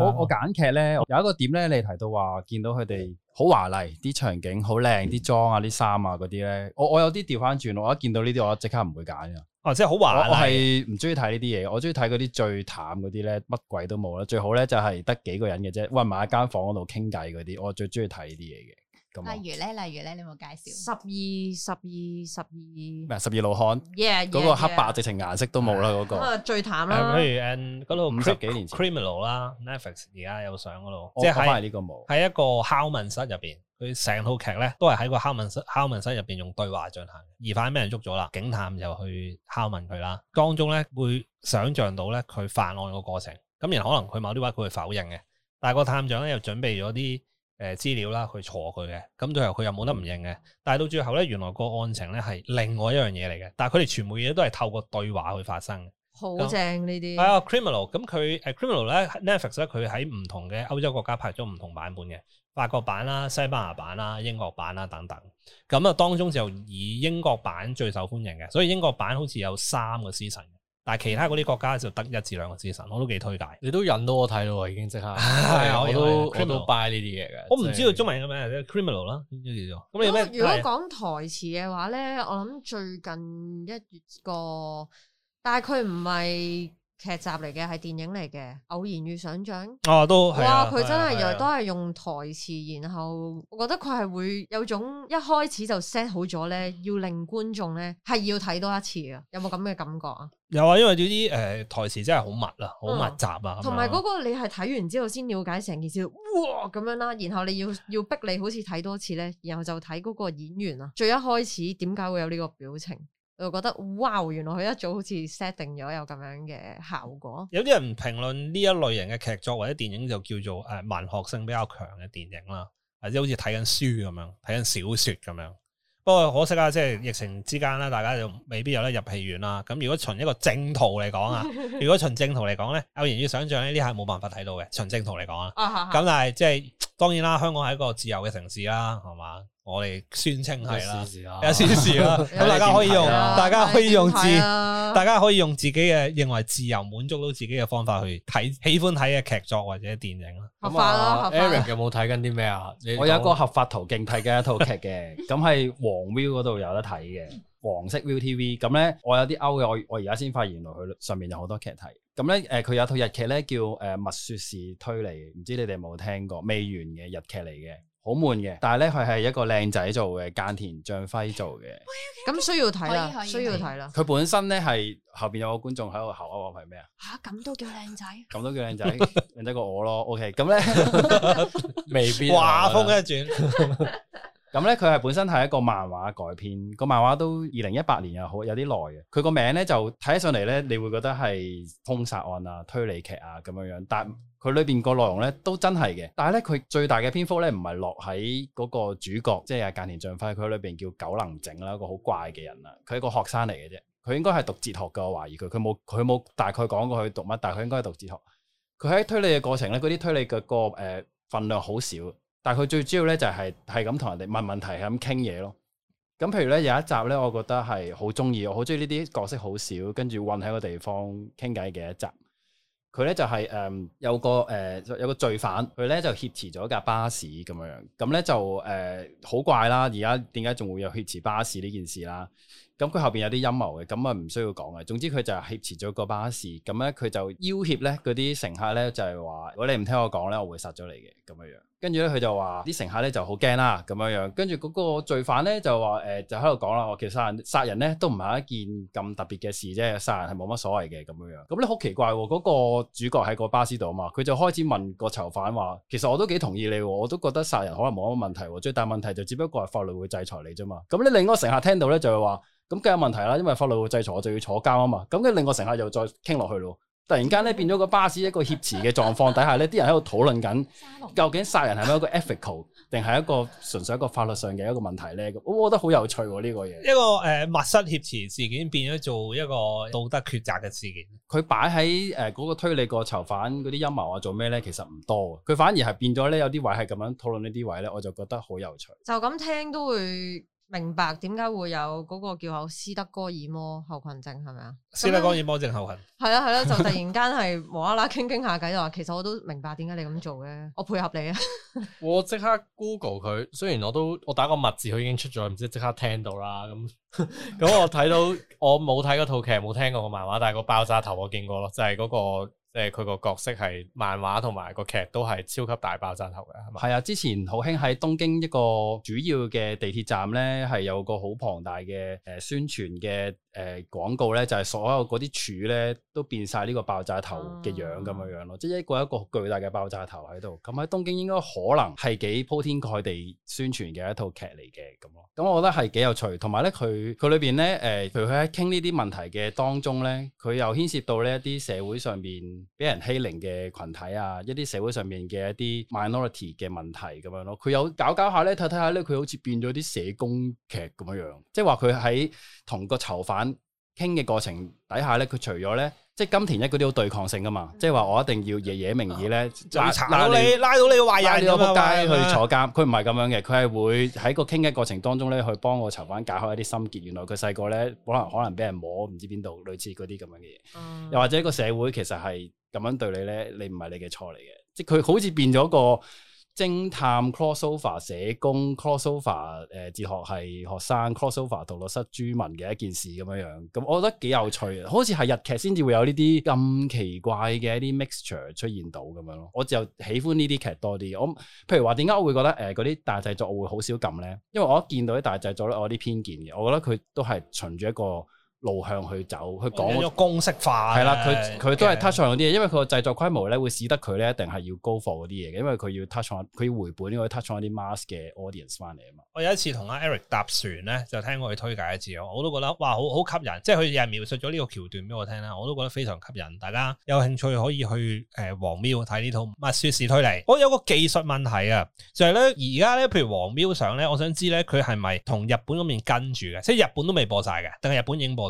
我我揀劇咧，有一個點咧，你提到話見到佢哋好華麗，啲場景好靚，啲妝啊，啲衫啊嗰啲咧，我我有啲調翻轉，我一見到呢啲我即刻唔會揀噶。哦、啊，即係好華麗，我，我係唔中意睇呢啲嘢，我中意睇嗰啲最淡嗰啲咧，乜鬼都冇啦，最好咧就係、是、得幾個人嘅啫，喂埋一間房嗰度傾偈嗰啲，我最中意睇呢啲嘢嘅。例如咧，例如咧，你有冇介紹？十二、十二、十二，唔係十二怒漢，嗰個黑白直情顏色都冇啦，嗰個。最淡啦。譬、uh, 如誒，嗰套五十幾年前 criminal 啦，Netflix 而家有上嗰度。我睇呢個冇。喺一個拷問室入邊，佢成套劇咧都係喺個拷問室、拷問室入邊用對話進行。疑犯俾人捉咗啦？警探又去拷問佢啦。當中咧會想象到咧佢犯案個過程。咁然後可能佢某啲話佢會否認嘅，但係個探長咧又準備咗啲。誒、呃、資料啦，去坐佢嘅，咁最後佢又冇得唔認嘅。但係到最後咧，原來個案情咧係另外一樣嘢嚟嘅。但係佢哋全部嘢都係透過對話去發生嘅，好正、啊、呢啲。係啊，Criminal 咁佢誒 Criminal 咧 Netflix 佢喺唔同嘅歐洲國家拍咗唔同版本嘅，法國版啦、西班牙版啦、英國版啦等等。咁、嗯、啊，當中就以英國版最受歡迎嘅，所以英國版好似有三個 season。但係其他嗰啲國家就得一至兩個資訊，我都幾推介。你都引到我睇咯，已經即刻。係啊 對， 我都聽到 buy 呢啲嘢嘅。我唔知道中文叫咩，叫 Criminal 咯。咁你咩？如果講台詞嘅話咧，c riminal 我諗最近一月個，但係佢唔係。劇集嚟嘅，係電影嚟嘅，偶然與想象啊，都哇佢、啊、真係又、啊啊、都係用台詞，然後我覺得佢係會有種一開始就 set 好咗咧，要令觀眾咧係要睇多一次啊！有冇咁嘅感覺啊？有啊，因為啲誒、呃、台詞真係好密啊，好密集啊，同埋嗰個你係睇完之後先了解成件事，哇咁樣啦，然後你要要逼你好似睇多次咧，然後就睇嗰個演員啊，最一開始點解會有呢個表情？就覺得哇！原來佢一早好似 set 定咗有咁樣嘅效果。有啲人評論呢一類型嘅劇作或者電影就叫做誒、呃、文學性比較強嘅電影啦，或者好似睇緊書咁樣，睇緊小説咁樣。不過可惜啊，即係疫情之間啦，大家就未必有得入戲院啦。咁如果循一個正途嚟講啊， 如果循正途嚟講咧，偶然要想象呢啲係冇辦法睇到嘅。循正途嚟講啊，咁 但係即係。當然啦，香港係一個自由嘅城市啦，係嘛？我哋宣稱係啦，有宣示啦，咁、 嗯、大家可以用，大家可以用自，大家可以用自己嘅認為自由滿足到自己嘅方法去睇，喜歡睇嘅劇作或者電影啦。合法啦，Eric 有冇睇緊啲咩啊？Eric，有有我有一個合法途徑睇嘅一套劇嘅，咁係 黃 Viu 嗰度有得睇嘅。黃色 ViuTV 咁咧，我有啲 out 嘅，我我而家先發現原來佢上面有好多劇睇。咁咧，誒、呃、佢有套日劇咧叫誒《勿、呃、說是推理》。唔知你哋有冇聽過？未完嘅日劇嚟嘅，好悶嘅。但係咧，佢係一個靚仔做嘅，間田將輝做嘅。咁、 嗯、需要睇啦，需要睇啦。佢本身咧係後邊有個觀眾喺度喊我：「係咩啊？嚇！咁都叫靚仔？咁都叫靚仔，靚 仔過我咯。OK，咁咧 未必。畫風一轉。咁咧，佢係本身係一個漫畫改編，個漫畫都二零一八年又好，有啲耐嘅。佢個名咧就睇上嚟咧，你會覺得係凶殺案啊、推理劇啊咁樣樣。但佢裏邊個內容咧都真係嘅。但係咧，佢最大嘅篇幅咧唔係落喺嗰個主角，即係菅田將暉。佢裏邊叫久能整啦，一個好怪嘅人啦。佢係個學生嚟嘅啫，佢應該係讀哲學㗎，我懷疑佢。佢冇佢冇大概講過佢讀乜，但係佢應該係讀哲學。佢喺推理嘅過程咧，嗰啲推理嘅個誒份量好少。但係佢最主要咧就係係咁同人哋問問題，係咁傾嘢咯。咁譬如咧有一集咧，我覺得係好中意，我好中意呢啲角色好少，跟住困喺個地方傾偈嘅一集。佢咧就係、是、誒、嗯、有個誒、呃、有個罪犯，佢咧就挾持咗一架巴士咁樣。咁咧就誒好、呃、怪啦。而家點解仲會有挾持巴士呢件事啦？咁佢後邊有啲陰謀嘅，咁啊唔需要講嘅。總之佢就挾持咗個巴士，咁咧佢就要挾咧嗰啲乘客咧，就係話：如果你唔聽我講咧，我會殺咗你嘅咁樣樣。跟住咧，佢就話啲乘客咧就好驚啦咁樣樣。跟住嗰個罪犯咧就話：誒就喺度講啦，其實殺人，殺人咧都唔係一件咁特別嘅事啫，殺人係冇乜所謂嘅咁樣樣。咁咧好奇怪喎，嗰個主角喺個巴士度啊嘛，佢就開始問個囚犯話：其實我都幾同意你，我都覺得殺人可能冇乜問題。最大問題就只不過係法律會制裁你啫嘛。咁你另一個乘客聽到咧就係話。咁梗有問題啦，因為法律會制裁，我就要坐監啊嘛。咁跟住，另外乘客又再傾落去咯。突然間咧，變咗個巴士一個挾持嘅狀況底下咧，啲人喺度討論緊，究竟殺人係咪一個 ethical，定係一個純粹一個法律上嘅一個問題咧？我覺得好有趣喎、啊，呢個嘢一個誒、呃、密室挾持事件變咗做一個道德抉擇嘅事件。佢擺喺誒嗰個推理個囚犯嗰啲陰謀啊，做咩咧？其實唔多，佢反而係變咗咧有啲位係咁樣討論呢啲位咧，我就覺得好有趣。就咁聽都會明白點解會有嗰個叫斯德哥爾摩後群症係咪啊？斯德哥爾摩症後群係啦係啦，就突然間係無啦啦傾傾下偈就話，其實我都明白點解你咁做嘅，我配合你啊！ 我即刻 Google 佢，雖然我都我打個密字，佢已經出咗，唔知即刻聽到啦。咁、嗯、咁、 嗯、我睇到我冇睇嗰套劇，冇聽過個漫畫，但係個爆炸頭我見過咯，就係、係、嗰、嗰個。即係佢個角色係漫畫同埋個劇都係超級大爆炸頭嘅，係嘛？係啊，之前好興喺東京一個主要嘅地鐵站咧，係有個好龐大嘅誒、呃、宣傳嘅誒廣告咧，就係、是、所有嗰啲柱咧都變晒呢個爆炸頭嘅樣咁、嗯、樣樣咯，即係一個一個巨大嘅爆炸頭喺度。咁喺東京應該可能係幾鋪天蓋地宣傳嘅一套劇嚟嘅，咁咯。咁我覺得係幾有趣，同埋咧佢佢裏邊咧誒，譬如佢喺傾呢啲問題嘅當中咧，佢又牽涉到呢一啲社會上邊。俾人欺凌嘅群體啊，一啲社會上面嘅一啲 minority 嘅問題咁樣咯，佢有搞搞下呢，睇睇下呢，佢好似變咗啲社工劇咁樣，即係話佢喺同個囚犯。傾嘅過程底下咧，佢除咗咧，即係金田一嗰啲好對抗性噶嘛，嗯、即係話我一定要爺爺名義咧，查到拉到你，拉到你個壞人撲街去坐監，佢唔係咁樣嘅，佢係會喺個傾嘅過程當中咧，去幫個囚犯解開一啲心結。原來佢細個咧，可能可能俾人摸唔知邊度，類似嗰啲咁樣嘅嘢。嗯、又或者個社會其實係咁樣對你咧，你唔係你嘅錯嚟嘅，即係佢好似變咗個。偵探 crossover 社工、crossover，誒哲學系學生 crossover，道律室、朱文嘅一件事咁樣樣，咁我覺得幾有趣啊！好似係日劇先至會有呢啲咁奇怪嘅一啲 mixture 出現到咁樣咯，我就喜歡呢啲劇多啲。我譬如話點解我會覺得誒嗰啲大製作我會好少撳咧？因為我一見到啲大製作咧，我有啲偏見嘅，我覺得佢都係循住一個路向去走，去講公式化，係啦，佢佢都係 touch on 嗰啲嘢，因為佢個製作規模咧，會使得佢咧一定係要 go for 嗰啲嘢嘅，因為佢要 touch on，佢要回本，因為 touch on 啲 mass 嘅 audience 翻嚟啊嘛。我有一次同阿 Eric 搭船咧，就聽佢推介一次，我都覺得哇，好好吸引，即係佢又描述咗呢個橋段俾我聽啦，我都覺得非常吸引，大家有興趣可以去誒、呃、黃廟睇呢套《勿說是推理》。我有個技術問題啊，就係咧而家咧，譬如黃廟上咧，我想知咧佢係咪同日本嗰邊跟住嘅，即係日本都未播晒嘅，定係日本已經播？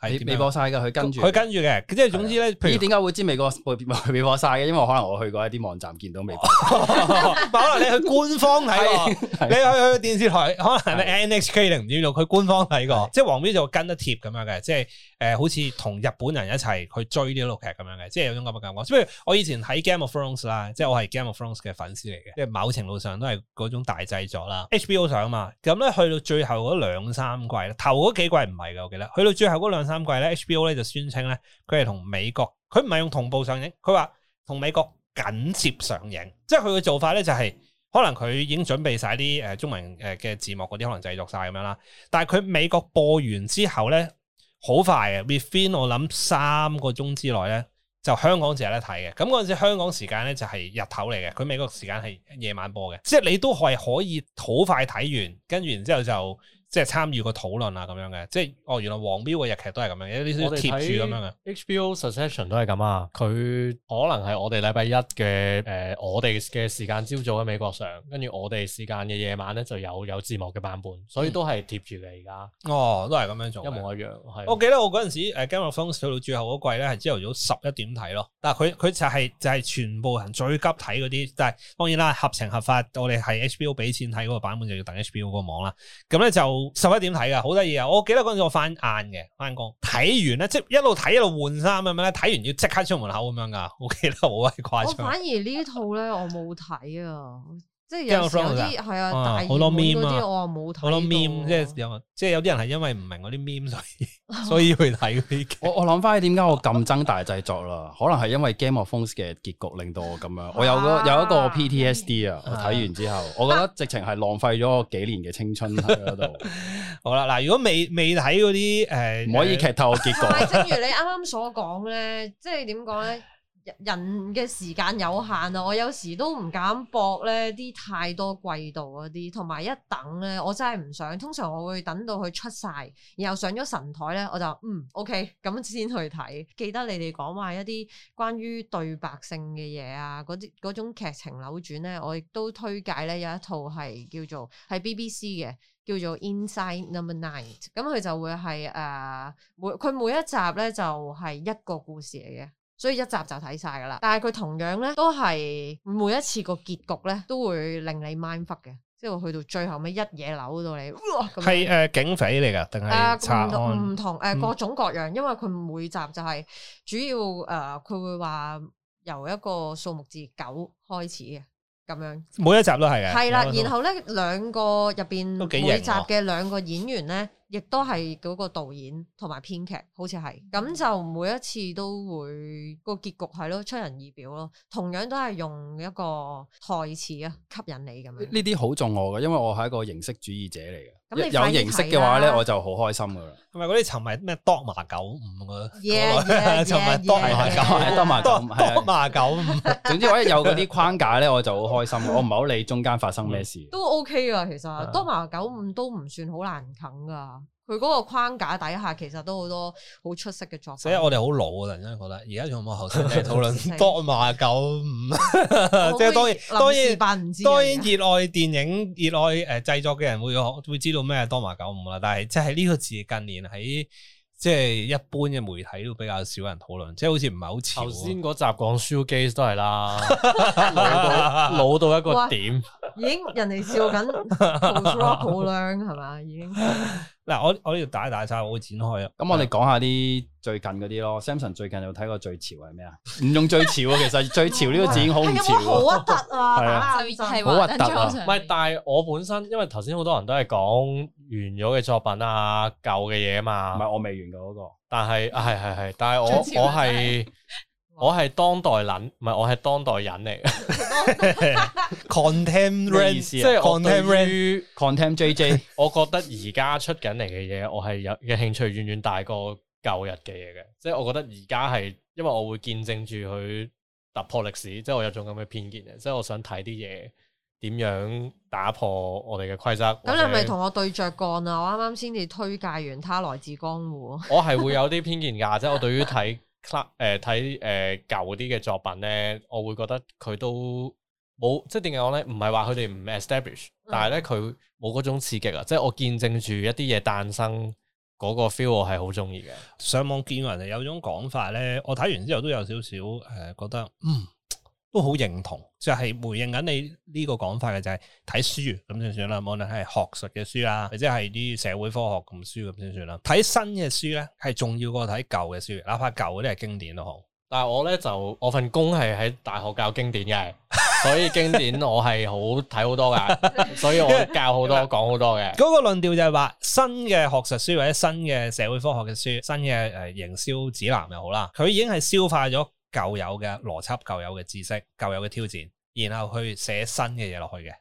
係未播晒嘅，佢跟住佢跟住嘅，即係總之咧，的譬如咦？點解會知未播未播晒嘅？因為我可能我去過一啲網站見到未播。可能 你去官方睇過，的你去去電視台，可能係 N H K 定唔的知道，佢官方睇過，的即係黃 V 就跟得貼咁樣嘅，即係誒、呃，好似同日本人一齊去追呢套劇咁樣嘅，即係有種咁嘅感覺。即係我以前睇 Game of Thrones 啦，即係我係 Game of Thrones 嘅粉絲嚟嘅，即係某程度上都係嗰種大製作啦。H B O 上啊嘛，咁咧去到最後嗰兩三季，頭嗰幾季唔係嘅。我記得去到最後嗰兩。三季咧，HBO 咧就宣稱咧，佢係同美國，佢唔係用同步上映，佢話同美國緊接上映，即係佢嘅做法咧就係、是，可能佢已經準備晒啲誒中文誒嘅字幕嗰啲，可能製作晒咁樣啦。但係佢美國播完之後咧，好快嘅，within 我諗三個鐘之內咧，就香港就有得睇嘅。咁嗰陣時香港時間咧就係日頭嚟嘅，佢美國時間係夜晚播嘅，即係你都係可以好快睇完，跟住然之後就。即係參與個討論啊，咁樣嘅，即係哦，原來黃標嘅日劇都係咁樣，有啲啲貼住咁樣嘅。HBO Succession 都係咁啊，佢可能係我哋禮拜一嘅誒、呃，我哋嘅時間朝早喺美國上，跟住我哋時間嘅夜晚咧就有有字幕嘅版本，所以都係貼住嘅而家。嗯、哦，都係咁樣做，一模一樣。係，我記得我嗰陣時誒《Game of Thrones》睇到最後嗰季咧，係朝頭早十一點睇咯。但係佢佢就係、是、就係、是、全部人最急睇嗰啲，但係當然啦，合情合法，我哋係 HBO 俾錢睇嗰個版本就要等 HBO 個網啦。咁咧就。十一點睇噶，好得意啊！我記得嗰陣我翻晏嘅，翻工睇完咧，即係一路睇一路換衫咁樣咧，睇完要即刻出門口咁樣噶。我記得好鬼誇張。我，我反而套呢套咧， 我冇睇啊。即係有有啲係啊，大二嗰啲我冇睇。好多 meme，即係有，即係有啲人係因為唔明嗰啲 meme，所以所以去睇嗰啲劇。我諗翻起點解我咁憎大製作啦？可能係因為 Game of Thrones 嘅結局令到我咁樣。我有個有一個 PTSD 啊！睇完之後，我覺得直情係浪費咗我幾年嘅青春喺嗰度。 好啦，嗱，如果未未睇嗰啲誒，唔可以劇透結局。正如你啱啱所講咧，即係點講咧？人嘅時間有限啊，我有時都唔敢搏咧啲太多季度嗰啲，同埋一等咧，我真係唔想。通常我會等到佢出晒，然後上咗神台咧，我就嗯 OK 咁先去睇。記得你哋講話一啲關於對白性嘅嘢啊，嗰啲嗰種劇情扭轉咧，我亦都推介咧有一套係叫做係 BBC 嘅，叫做 Inside Number Nine。咁佢、no. 嗯、就會係誒、呃、每佢每一集咧就係、是、一個故事嚟嘅。所以一集就睇晒噶啦，但係佢同樣咧都係每一次個結局咧都會令你 mind fuck 嘅，即係去到最後尾一嘢扭到你，係誒警匪嚟噶定係？誒唔同唔同誒各種各樣，因為佢每集就係主要誒佢會話由一個數目字九開始嘅咁樣，每一集都係嘅。係啦，然後咧兩個入邊每集嘅兩個演員咧。亦都係嗰個導演同埋編劇，好似係咁，就每一次都會嗰個結局係咯，出人意表咯，同樣都係用一個台詞啊吸引你咁樣。呢啲好中我嘅，因為我係一個形式主義者嚟嘅。看一看有形式嘅話咧，我就好開心噶啦、啊啊。係咪嗰啲沉迷咩多麻九五嘅？沉迷多麻九，多麻九，多麻九。 總之我一有嗰啲框架咧，我就好開心。我唔係好理中間發生咩事、嗯。都 OK 啊，其實多麻九五都唔算好難啃啊。佢嗰個框架底下其實都好多好出色嘅作品。所以我哋好老啊，突然覺得。而家仲有冇後生嚟討論多麻九五，即係當然扮唔知當然在當然熱愛電影熱愛誒、呃、製作嘅人會會知道咩多麻九五啦。但係即係呢個字近年喺即係一般嘅媒體都比較少人討論，即係好似唔係好潮。頭先嗰集講《Shoegaze》都係啦， 老到老到一個點。已經人哋笑緊好靚係嘛？已經嗱，我我呢度打一打曬，我會展開啊。咁我哋講下啲最近嗰啲咯。Samson 最近有睇過最潮係咩啊？唔用最潮啊，其實最潮呢個字已經好唔潮，好核突啊，係啊，好核突啊。唔係，但係我本身因為頭先好多人都係講完咗嘅作品啊、舊嘅嘢嘛。唔係，我未完嘅嗰個，但係係係係，但係我我係。我係當代諗，唔係我係當代人嚟嘅。Contemporary 嘅意思啊，即係是 我對於 Contemporary，我覺得而家出緊嚟嘅嘢，我係有嘅興趣遠遠大過舊日嘅嘢嘅。即係我覺得而家係因為我會見證住佢突破歷史，即係我有種咁嘅偏見嘅。即係我想睇啲嘢點樣打破我哋嘅規則。咁、嗯、者你係咪同我對着幹啊？我啱啱先至推介完《他來自江湖》，我係會有啲偏見㗎，即係我對於睇。誒睇誒舊啲嘅作品咧，我會覺得佢都冇，即係點解我咧？唔係話佢哋唔 establish，但係咧，佢冇嗰種刺激啊！即係我見證住一啲嘢誕生嗰個 feel，我係好中意嘅。上網見過人哋有種講法咧，我睇完之後都有少少誒覺得嗯。都好認同，就係、是、回應緊你呢個講法嘅，就係、是、睇書咁就算啦。無論係學術嘅書啦，或者係啲社會科學咁書咁先算啦。睇新嘅書咧，係重要過睇舊嘅書，哪怕舊嗰啲係經典都好。但係我咧就我份工係喺大學教經典嘅，所以經典我係好睇好多嘅， 所以我教好多講好 多嘅。嗰 個論調就係話新嘅學術書或者新嘅社會科學嘅書，新嘅誒營銷指南又好啦，佢已經係消化咗。舊有嘅邏輯、舊有嘅知識、舊有嘅挑戰，然後去寫新嘅嘢落去嘅，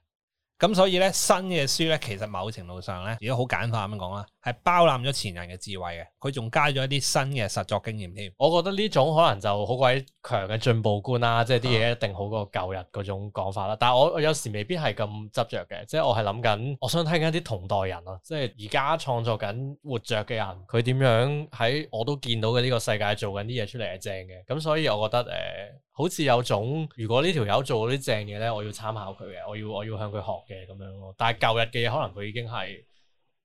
咁所以咧，新嘅書咧，其實某程度上呢，如果好簡化咁樣講啦。係包攬咗前人嘅智慧嘅，佢仲加咗一啲新嘅實作經驗添。我覺得呢種可能就好鬼強嘅進步觀啦，嗯、即係啲嘢一定好過舊日嗰種講法啦。但係我我有時未必係咁執着嘅，即係我係諗緊，我想睇緊一啲同代人咯，即係而家創作緊活著嘅人，佢點樣喺我都見到嘅呢個世界做緊啲嘢出嚟係正嘅。咁所以，我覺得誒、呃，好似有種，如果呢條友做啲正嘢咧，我要參考佢嘅，我要我要向佢學嘅咁樣咯。但係舊日嘅嘢，可能佢已經係。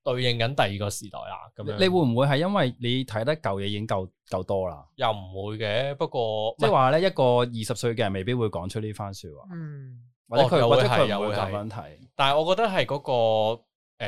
對應緊第二個時代啦，咁樣你會唔會係因為你睇得舊嘢,已經夠夠多啦？又唔會嘅，不過即係話咧，一個二十歲嘅人未必會講出呢番說話。嗯，或者佢、哦、或者佢又會咁樣睇。但係我覺得係嗰、嗰個誒、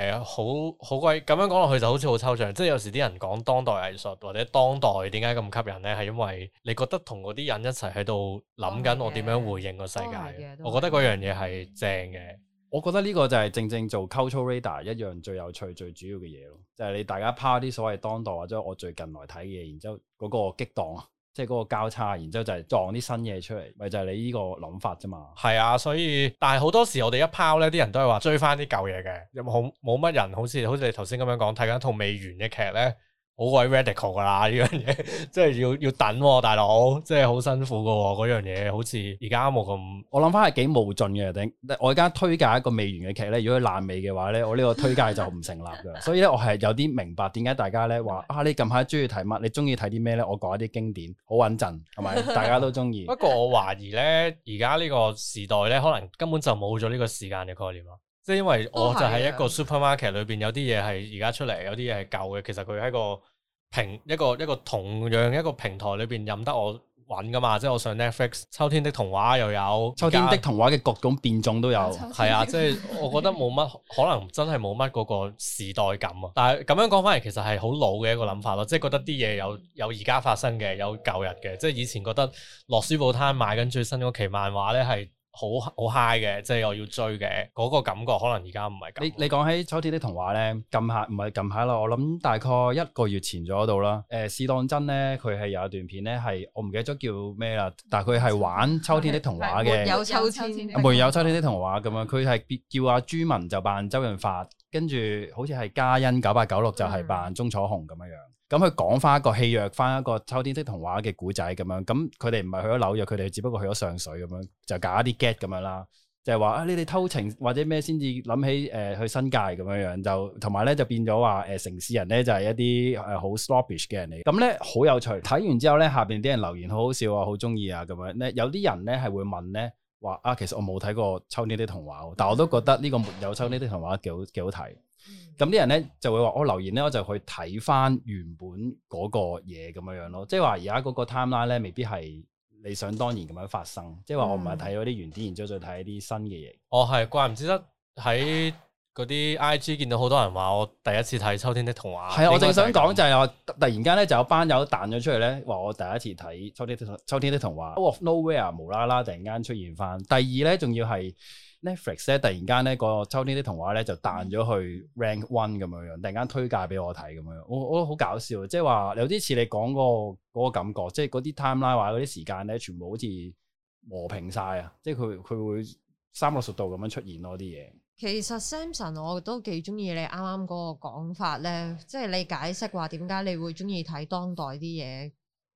呃，好好鬼咁樣講落去就好似好抽象。即、就、係、是、有時啲人講當代藝術或者當代點解咁吸引咧，係因為你覺得同嗰啲人一齊喺度諗緊我點樣回應個世界。我覺得嗰樣嘢係正嘅。我覺得呢個就係正正做 cultural radar 一樣最有趣最主要嘅嘢咯，就係你大家拋啲所謂當代或者我最近來睇嘅嘢，然之後嗰個激盪啊，即係嗰個交叉，然之後就係撞啲新嘢出嚟，咪就係、是、你呢個諗法啫嘛。係啊，所以但係好多時我哋一拋呢，啲人都係話追返啲舊嘢嘅，有冇冇乜人好似好似你頭先咁樣講睇緊一套未完嘅劇呢？好鬼 radical 噶啦！呢樣嘢，即係要要等、啊，大佬，即係好辛苦噶嗰樣嘢，好似而家冇咁，我諗翻係幾無盡嘅頂。我而家推介一個未完嘅劇咧，如果爛尾嘅話咧，我呢個推介就唔成立噶。 所以咧，我係有啲明白點解大家咧話啊，你近排中意睇乜？你中意睇啲咩咧？我講一啲經典，好穩陣，同埋大家都中意。不過 我懷疑咧，而家呢個時代咧，可能根本就冇咗呢個時間嘅概念啊！即係因為我就喺一個 supermarket 裏邊，有啲嘢係而家出嚟，有啲嘢係舊嘅。其實佢喺個平一個一個同樣一個平台裏邊任得我揾噶嘛。即係我上 Netflix，《秋天的童話》又有《秋天的童話》嘅各種變種都有。係啊，即係我覺得冇乜可能真係冇乜嗰個時代感啊。但係咁樣講翻嚟，其實係好老嘅一個諗法咯。即係覺得啲嘢有有而家發生嘅，有舊日嘅。即係以前覺得落書報攤買緊最新嗰期漫畫咧，係。好好 high 嘅，即係我要追嘅嗰、那個感覺，可能而家唔係咁。你你講起《秋天的童話》呢咧，近下唔係近排咯，我諗大概一個月前左右度啦。誒、呃，呢是當真咧，佢係有一段片咧，係我唔記得咗叫咩啦，但係佢係玩《秋天的童話的》嘅，沒有秋千，沒有秋天的童話咁樣，佢係叫叫、啊、阿朱文就扮周潤發。跟住好似係嘉欣九八九六就係扮鐘楚紅咁樣樣，咁、嗯、佢、嗯、講翻一個戲約，翻一個秋天的童話嘅古仔咁樣，咁佢哋唔係去咗紐約，佢哋只不過去咗上水咁樣，就搞一啲 get 咁樣啦，就係、是、話啊你哋偷情或者咩先至諗起誒、呃、去新界咁樣樣，就同埋咧就變咗話誒城市人咧就係、是、一啲誒好 stupid 嘅人嚟，咁咧好有趣，睇完之後咧下邊啲人留言好好笑啊，好中意啊咁樣咧，有啲人咧係會問咧。.話啊，其實我冇睇過《抽呢啲童話》哦，但我都覺得呢個沒有抽呢啲童話幾好幾好睇。咁、嗯、啲、嗯、人咧就會話，我留言咧，我就去睇翻原本嗰個嘢咁樣樣咯。即係話而家嗰個 timeline 咧，未必係你想當然咁樣發生。即係話我唔係睇咗啲原點，然之後再睇一啲新嘅嘢。嗯、哦，係怪唔之得喺。嗰啲 I G 見到好多人話我第一次睇《秋天的童話》，係啊，我正想講就係話突然間咧就有班友彈咗出嚟咧，話我第一次睇《秋天的秋天的童話》。哇！nowhere 無啦啦突然間出現翻。第二咧仲要係 Netflix 咧，突然間咧個《秋天的童話》咧就彈咗去 rank one 咁樣樣，突然間推介俾我睇咁樣。我我好搞笑，即係話有啲似你講個嗰個感覺，即係嗰啲 timeline 話，嗰啲時間咧，全部好似和平晒啊！即係佢佢會三百六十度咁樣出現囉啲嘢。其實 Samson，我都幾中意你啱啱嗰個講法咧，即係你解釋話點解你會中意睇當代啲嘢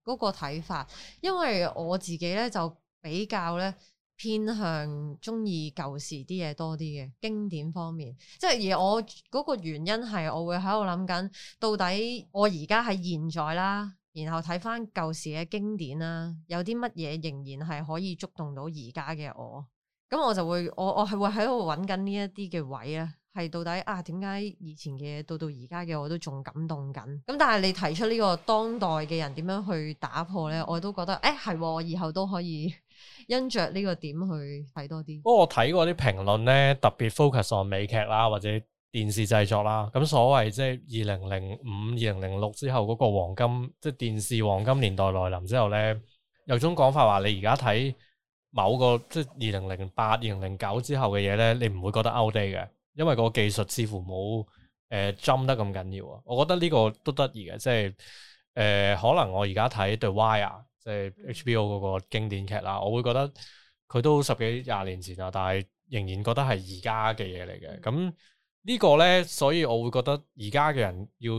嗰個睇法，因為我自己咧就比較咧偏向中意舊時啲嘢多啲嘅經典方面，即係而我嗰個原因係我會喺度諗緊，到底我而家係現在啦，然後睇翻舊時嘅經典啦，有啲乜嘢仍然係可以觸動到而家嘅我。咁我就會，我我係會喺度揾緊呢一啲嘅位啊，係到底啊點解以前嘅，到到而家嘅我都仲感動緊。咁但係你提出呢個當代嘅人點樣去打破咧，我都覺得誒係啊，我以後都可以因着呢個點去睇多啲。不過我睇過啲評論咧，特別 focus on 美劇啦，或者電視製作啦，咁所謂即係二零零五、二零零六之後嗰個黃金，即係電視黃金年代來臨之後咧，有種講法話你而家睇某個即係二零零八、二零零九之後嘅嘢咧，你唔會覺得 out date 嘅？因為個技術似乎冇誒針得咁緊要啊！我覺得呢個都得意嘅，即係誒、呃、可能我而家睇 The Wire 啊，即係 HBO 嗰個經典劇啦，我會覺得佢都十幾廿年前啊，但係仍然覺得係而家嘅嘢嚟嘅。咁呢個咧，所以我會覺得而家嘅人要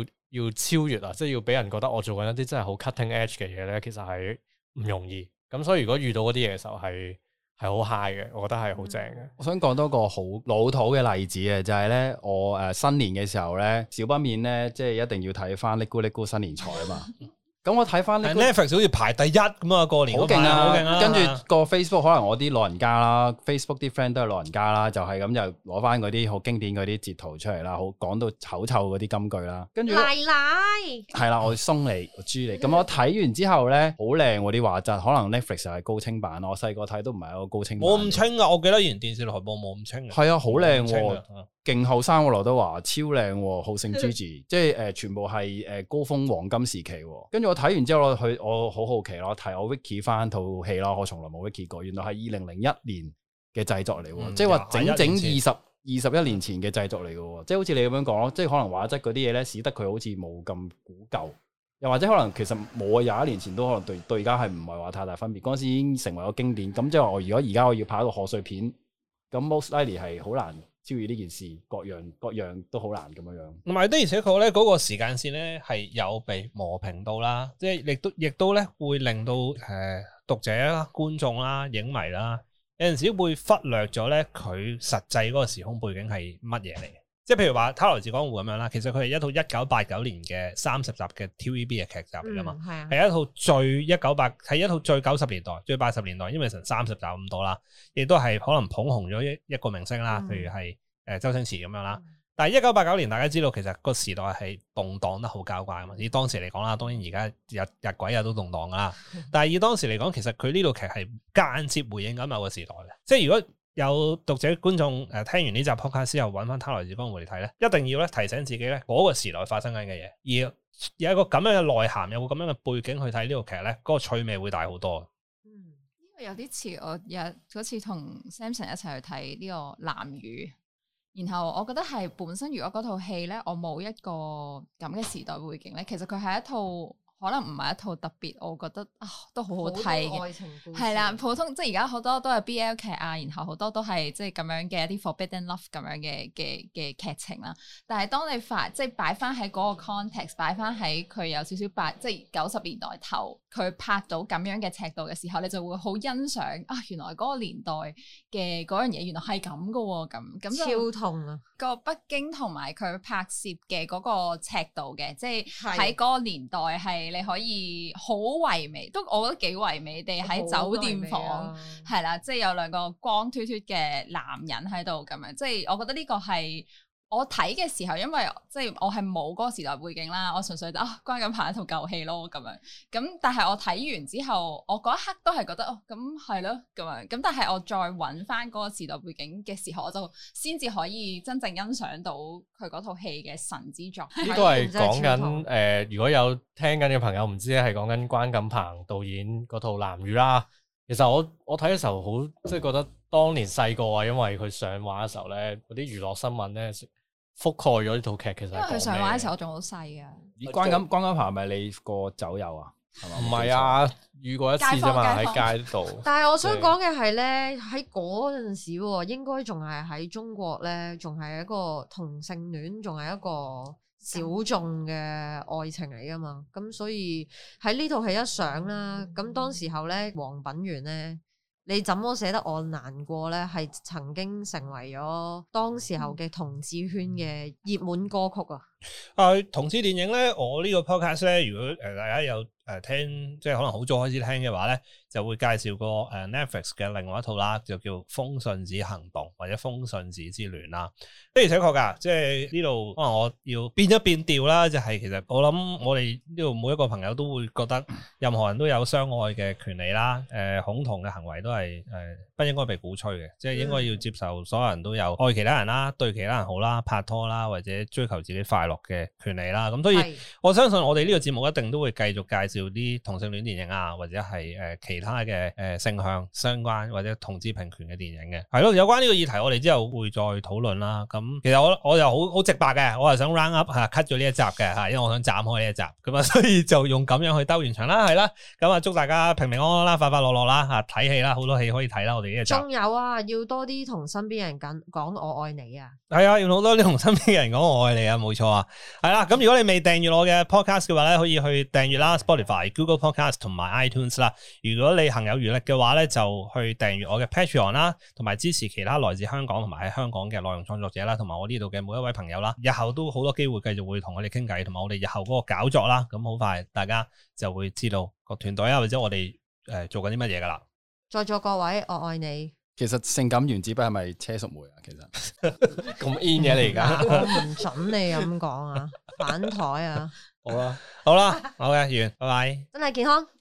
要超越啊，即係要俾人覺得我做緊一啲真係好 cutting edge 嘅嘢咧，其實係唔容易。咁所以如果遇到嗰啲嘢嘅時候，係係好 high 嘅，我覺得係好正嘅，嗯。我想講多個好老土嘅例子嘅，就係、是、咧，我誒、呃、新年嘅時候咧，少不免咧，即、就、係、是、一定要睇返嚦咕嚦咕，咕新年財啊嘛。 咁我睇翻呢、這個、Netflix 好似排第一咁啊，過年好勁啊，跟住個、啊、Facebook 可能我啲老人家啦的，Facebook 啲 friend 都係老人家啦，就係、是、咁就攞翻嗰啲好經典嗰啲截圖出嚟啦，好講到醜臭嗰啲金句啦，跟住奶奶係啦，我送你我豬你，咁 我睇完之後咧好靚喎啲畫質，可能 Netflix 係高清版，我細個睇都唔係一個高清版，冇咁清啊，我記得以前電視台播冇咁清，係啊好靚。勁後生喎，劉德華超靚喎，好勝 Gigi，即係誒、呃、全部係誒高峰黃金時期。跟住我睇完之後，我去我好好奇咯，睇我 wiki 翻套戲咯，我從來冇 wiki 過，原來係二零零一年嘅製作嚟，即係話整整二十二十一年前嘅製作嚟嘅，即係好似你咁樣講咯，即係可能畫質嗰啲嘢咧，使得佢好似冇咁古舊，又或者可能其實冇廿一年前都可能對對而家係唔係話太大分別。嗰陣時已經成為咗經典，咁即係我如果而家我要拍一個賀歲片，咁 most likely 係好難。超越呢件事，各樣各樣都好難咁樣樣。同埋的，而且確呢嗰個時間線咧係有被磨平到啦，即係亦都亦都咧會令到誒讀者啦、觀眾啦、影迷啦，有陣時會忽略咗呢佢實際嗰個時空背景係乜嘢嚟嘅。即係譬如話《他來自江湖》咁樣啦，其實佢係一套一九八九年嘅三十集嘅 TVB 嘅劇集嚟啊嘛，係、嗯啊、一套最一九八係一套最九十年代、最八十年代，因為成三十集咁多啦，亦都係可能捧紅咗一一個明星啦，譬如係誒周星馳咁樣啦。嗯、但係一九八九年，大家知道其實個時代係動盪得好交怪啊嘛。以當時嚟講啦，當然而家日日鬼日都動盪啦。 但係以當時嚟講，其實佢呢套劇係間接回應緊某個時代嘅。即係如果。有讀者觀眾誒、呃，聽完呢集 podcast 之後，揾翻《貪婪之光》嚟睇咧，一定要咧提醒自己咧，嗰、那個時代發生緊嘅嘢，要有一個咁樣嘅內涵，有個咁樣嘅背景去睇呢套劇咧，嗰、那個趣味會大好多。嗯，因為有啲似我有嗰次同 Samson 一齊去睇呢、這個《藍雨》，然後我覺得係本身如果嗰套戲咧，我冇一個咁嘅時代背景咧，其實佢係一套。可能唔係一套特別，我覺得啊都好好睇嘅愛情片，係啦，普通即係而家好多都係 B.L. 劇啊，然後好多都係即係咁樣嘅一啲 Forbidden Love 咁樣嘅嘅嘅劇情啦、啊。但係當你發即係擺翻喺嗰個 context，擺翻喺佢有少少八即係九十年代頭佢拍到咁樣嘅尺度嘅時候，你就會好欣賞啊！原來嗰個年代嘅嗰樣嘢原來係咁噶喎，咁咁超痛啊個北京同埋佢拍攝嘅嗰個尺度嘅，即係喺嗰個年代係。你可以好唯美，都我覺得幾唯美地喺酒店房，係啦、啊，即係有兩個光脫脫嘅男人喺度咁樣，即係我覺得呢個係。我睇嘅時候，因為即係我係冇嗰個時代背景啦，我純粹就啊、哦、關錦鵬一套舊戲咯咁樣。咁但係我睇完之後，我嗰一刻都係覺得哦，咁係咯咁樣。咁、嗯、但係我再揾翻嗰個時代背景嘅時候，我就先至可以真正欣賞到佢嗰套戲嘅神之作。呢個係講緊誒，如果有聽緊嘅朋友唔知咧，係講緊關錦鵬導演嗰套《藍宇》啦。其實我我睇嘅時候好即係覺得當年細個啊，因為佢上畫嘅時候咧，嗰啲娛樂新聞咧。覆蓋咗呢套劇，其實因為佢上畫嘅時候我，我仲好細噶關錦關錦鵬係咪你個酒友啊？係嘛？唔係啊，遇過一次啫嘛，喺街度。街街但係我想講嘅係咧，喺嗰陣時應該仲係喺中國咧，仲係一個同性戀，仲係一個小眾嘅愛情嚟噶嘛。咁所以喺呢套戲一上啦，咁當時候咧，黃品源咧。你怎麼捨得我難過呢？係曾經成為咗當時候嘅同志圈嘅熱門歌曲啊！啊，同志電影呢，我呢個 podcast 呢，如果誒大家有。誒，聽即係可能好早開始聽嘅話咧，就會介紹過誒 Netflix 嘅另外一套啦，就叫《風信子行動》或者《風信子之戀》啦。的而且確噶，即係呢度可能我要變一變調啦，就係、是、其實我諗我哋呢度每一個朋友都會覺得，任何人都有相愛嘅權利啦。誒、呃，恐同嘅行為都係誒、呃、不應該被鼓吹嘅，即係應該要接受所有人都有愛其他人啦，對其他人好啦，拍拖啦或者追求自己快樂嘅權利啦。咁所以的我相信我哋呢個節目一定都會繼續介紹。做啲同性戀電影啊，或者係誒其他嘅誒性向相關或者同志平權嘅電影嘅，係咯。有關呢個議題，我哋之後會再討論啦。咁其實我我又好好直白嘅，我係想 round up 吓 cut 咗呢一集嘅吓，因為我想斬開呢一集咁啊，所以就用咁樣去兜完場啦，係啦。咁啊，祝大家平平安安啦，快快樂樂啦，吓睇戲啦，好多戲可以睇啦，我哋呢一集。仲有啊，要多啲同身邊人講講我愛你啊。係啊，要好多啲同身邊嘅人講我愛你啊，冇錯啊。係啦，咁如果你未訂閱我嘅 podcast 嘅話咧，可以去訂閱啦。Spotify By Google Podcast 同埋 iTunes 啦，如果你行有餘力嘅話咧，就去訂閱我嘅 Patreon 啦，同埋支持其他來自香港同埋喺香港嘅內容創作者啦，同埋我呢度嘅每一位朋友啦，日後都好多機會繼續會同我哋傾偈，同埋我哋日後嗰個搞作啦，咁好快大家就會知道個團隊啊，或者我哋誒、呃、做緊啲乜嘢㗎喇。在座各位，我愛你。其實性感原子筆係咪車淑梅啊？其實咁 in 嘅嚟㗎，唔 准你咁講啊！反台啊！好啦，好啦，好嘅，完， 拜拜，身體健康。